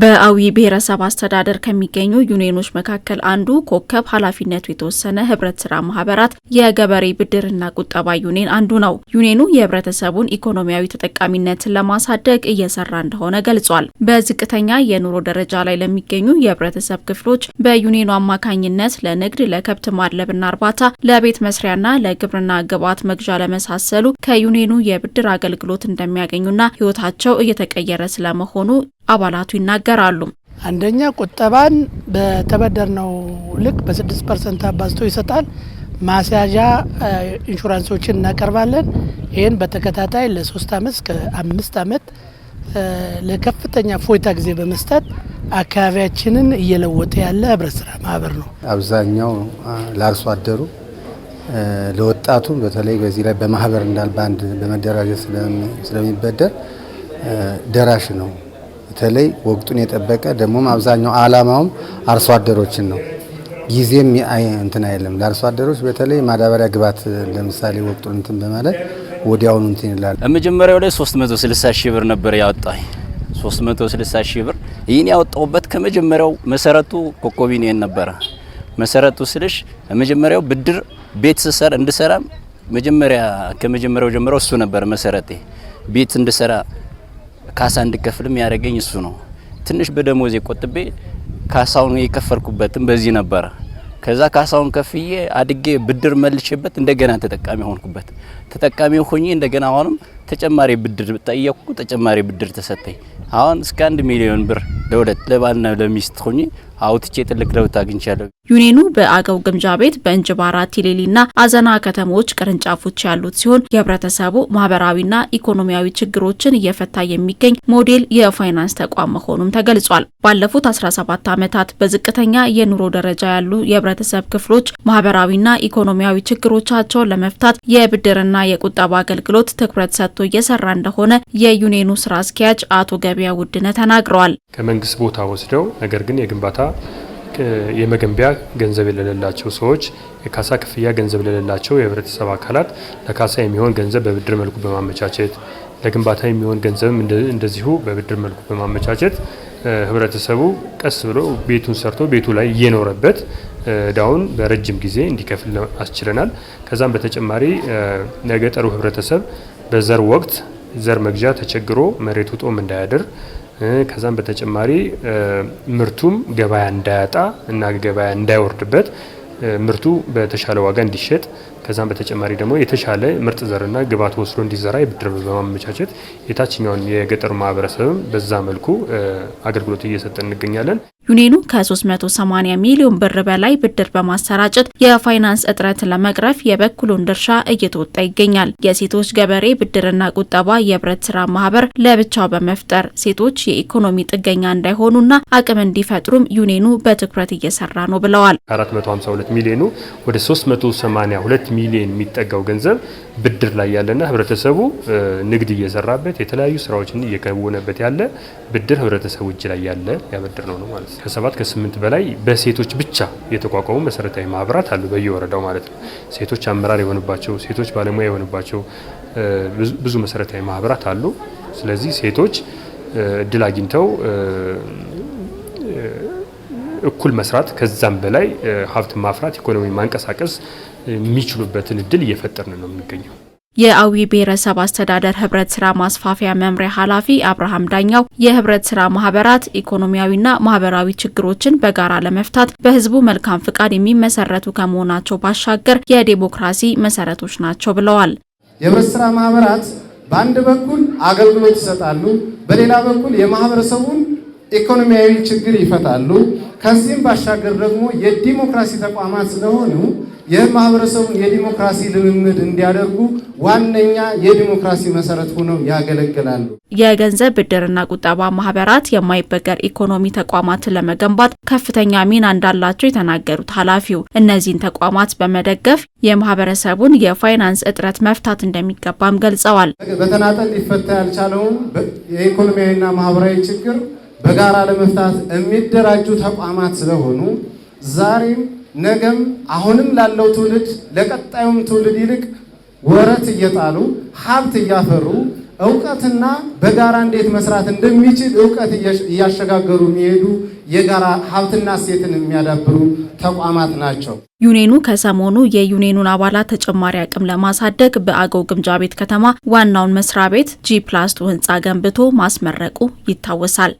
በአዊ ብሔረሰብ አስተዳደር ከሚገኙ ዩኒየኖች መካከል አንዱ ኮከብ ኃላፊነቱ የተወሰነ ህብረት ስራ ማህበራት የገበሬ ብድርና ቁጠባ ዩኒየን አንዱ ነው። ዩኒየኑ የህብረተሰቡን ኢኮኖሚያዊ ተጠቃሚነትን ለማሳደግ እየሰራ እንደሆነ ገልጿል። በዝቅተኛ የኑሮ ደረጃ ላይ ለሚገኙ የህብረተሰብ ክፍሎች በዩኒየኑ አማካኝነት ለንግድ፣ ለከብት ማድለብና እርባታ፣ ለቤት መስሪያና ለግብርና ግብዓት መግዣ ለመሳሰሉ ከዩኒየኑ የብድር አገልግሎት እንደሚያገኙና ህይወታቸው እየተቀየረ ስለመሆኑ አባላቱ ይናገራሉ። አንደኛ ቁጠባን በተበደርነው ልክ በስድስት ፐርሰንት አባዝቶ ይሰጣል። ማስያዣ ኢንሹራንሶችን እናቀርባለን። ይህን በተከታታይ ለሶስት አመት እስከ አምስት አመት ለከፍተኛ ፎይታ ጊዜ በመስጠት አካባቢያችንን እየለወጠ ያለ ህብረት ስራ ማህበር ነው። አብዛኛው ለአርሶ አደሩ ለወጣቱ በተለይ በዚህ ላይ በማህበር እንዳል በአንድ በመደራጀት ስለሚበደር ደራሽ ነው። በተለይ ወቅቱን የጠበቀ ደግሞም አብዛኛው አላማውም አርሶ አደሮችን ነው። ጊዜም እንትን አይልም። ለአርሶ አደሮች በተለይ ማዳበሪያ ግባት ለምሳሌ ወቅቱን እንትን በማለት ወዲያውኑ እንትን ይላል። መጀመሪያው ላይ 360 ሺህ ብር ነበር ያወጣኝ 360 ሺህ ብር ይህን ያወጣውበት ከመጀመሪያው መሰረቱ ኮኮቢን ይሄን ነበረ መሰረቱ ስልሽ መጀመሪያው ብድር ቤት ስሰራ እንድሰራ መጀመሪያ ከመጀመሪያው ጀምሮ እሱ ነበር መሰረቴ ቤት እንድሰራ ካሳ እንድከፍልም ያደረገኝ እሱ ነው። ትንሽ በደሞዜ ቆጥቤ ካሳውን የከፈልኩበትም በዚህ ነበረ። ከዛ ካሳውን ከፍዬ አድጌ ብድር መልሼበት እንደገና ተጠቃሚ ሆንኩበት። ተጠቃሚ ሆኜ እንደገና አሁንም ተጨማሪ ብድር ጠየቅኩ። ተጨማሪ ብድር ተሰጠኝ። አሁን እስከ አንድ ሚሊዮን ብር ለሁለት ለባልና ለሚስት ሆኜ አውጥቼ ጥልቅ ለውጥ አግኝቻለሁ። ዩኔኑ በአገው ግምጃ ቤት በእንጅባራ ቲሌሊና አዘና ከተሞች ቅርንጫፎች ያሉት ሲሆን የህብረተሰቡ ማህበራዊና ኢኮኖሚያዊ ችግሮችን እየፈታ የሚገኝ ሞዴል የፋይናንስ ተቋም መሆኑም ተገልጿል። ባለፉት 17 ዓመታት በዝቅተኛ የኑሮ ደረጃ ያሉ የህብረተሰብ ክፍሎች ማህበራዊና ኢኮኖሚያዊ ችግሮቻቸውን ለመፍታት የብድርና የቁጠባ አገልግሎት ትኩረት ሰጥቶ እየሰራ እንደሆነ የዩኔኑ ስራ አስኪያጅ አቶ ገበያ ውድነ ተናግረዋል። ከመንግስት ቦታ ወስደው ነገር ግን የግንባታ የመገንቢያ ገንዘብ ለሌላቸው ሰዎች የካሳ ክፍያ ገንዘብ ለሌላቸው የህብረተሰብ አካላት ለካሳ የሚሆን ገንዘብ በብድር መልኩ በማመቻቸት ለግንባታ የሚሆን ገንዘብም እንደዚሁ በብድር መልኩ በማመቻቸት ህብረተሰቡ ቀስ ብሎ ቤቱን ሰርቶ ቤቱ ላይ እየኖረበት እዳውን በረጅም ጊዜ እንዲከፍል አስችለናል። ከዛም በተጨማሪ ለገጠሩ ህብረተሰብ በዘር ወቅት ዘር መግዣ ተቸግሮ መሬቱ ጦም እንዳያድር ከዛም በተጨማሪ ምርቱም ገበያ እንዳያጣ እና ገበያ እንዳይወርድበት ምርቱ በተሻለ ዋጋ እንዲሸጥ ከዛም በተጨማሪ ደግሞ የተሻለ ምርጥ ዘርና ግብዓት ወስዶ እንዲዘራ የብድር በማመቻቸት የታችኛውን የገጠሩ ማህበረሰብም በዛ መልኩ አገልግሎት እየሰጠ እንገኛለን። ዩኒየኑ ከ380 ሚሊዮን ብር በላይ ብድር በማሰራጨት የፋይናንስ እጥረትን ለመቅረፍ የበኩሉን ድርሻ እየተወጣ ይገኛል። የሴቶች ገበሬ ብድርና ቁጠባ የህብረት ስራ ማህበር ለብቻው በመፍጠር ሴቶች የኢኮኖሚ ጥገኛ እንዳይሆኑና አቅም እንዲፈጥሩም ዩኒየኑ በትኩረት እየሰራ ነው ብለዋል። 452 ሚሊዮኑ ወደ 382 ሚሊዮን የሚጠጋው ገንዘብ ብድር ላይ ያለና ህብረተሰቡ ንግድ እየሰራበት የተለያዩ ስራዎችን እየከወነበት ያለ ብድር ህብረተሰቡ እጅ ላይ ያለ ያበድር ነው ነው ማለት ነው። ከሰባት ከስምንት በላይ በሴቶች ብቻ የተቋቋሙ መሰረታዊ ማህበራት አሉ በየወረዳው ማለት ነው። ሴቶች አመራር የሆኑባቸው፣ ሴቶች ባለሙያ የሆኑባቸው ብዙ መሰረታዊ ማህበራት አሉ። ስለዚህ ሴቶች እድል አግኝተው እኩል መስራት ከዛም በላይ ሀብት ማፍራት ኢኮኖሚ ማንቀሳቀስ የሚችሉበትን እድል እየፈጠርን ነው የሚገኘው። የአዊ ብሔረሰብ አስተዳደር ህብረት ስራ ማስፋፊያ መምሪያ ኃላፊ አብርሃም ዳኛው የህብረት ስራ ማህበራት ኢኮኖሚያዊና ማህበራዊ ችግሮችን በጋራ ለመፍታት በህዝቡ መልካም ፍቃድ የሚመሰረቱ ከመሆናቸው ባሻገር የዴሞክራሲ መሰረቶች ናቸው ብለዋል። የህብረት ስራ ማህበራት በአንድ በኩል አገልግሎት ይሰጣሉ፣ በሌላ በኩል የማህበረሰቡን ኢኮኖሚያዊ ችግር ይፈታሉ። ከዚህም ባሻገር ደግሞ የዲሞክራሲ ተቋማት ስለሆኑ የማህበረሰቡን የዲሞክራሲ ልምምድ እንዲያደርጉ ዋነኛ የዲሞክራሲ መሰረት ሆነው ያገለግላሉ። የገንዘብ ብድርና ቁጠባ ማህበራት የማይበገር ኢኮኖሚ ተቋማትን ለመገንባት ከፍተኛ ሚና እንዳላቸው የተናገሩት ኃላፊው እነዚህን ተቋማት በመደገፍ የማህበረሰቡን የፋይናንስ እጥረት መፍታት እንደሚገባም ገልጸዋል። በተናጠል ሊፈታ ያልቻለውን የኢኮኖሚያዊና ማህበራዊ ችግር በጋራ ለመፍታት የሚደራጁ ተቋማት ስለሆኑ ዛሬም ነገም አሁንም ላለው ትውልድ ለቀጣዩም ትውልድ ይልቅ ወረት እየጣሉ ሀብት እያፈሩ እውቀትና በጋራ እንዴት መስራት እንደሚችል እውቀት እያሸጋገሩ የሚሄዱ የጋራ ሀብትና እሴትን የሚያዳብሩ ተቋማት ናቸው። ዩኔኑ ከሰሞኑ የዩኔኑን አባላት ተጨማሪ አቅም ለማሳደግ በአገው ግምጃ ቤት ከተማ ዋናውን መስሪያ ቤት ጂ ፕላስ ቱ ህንፃ ገንብቶ ማስመረቁ ይታወሳል።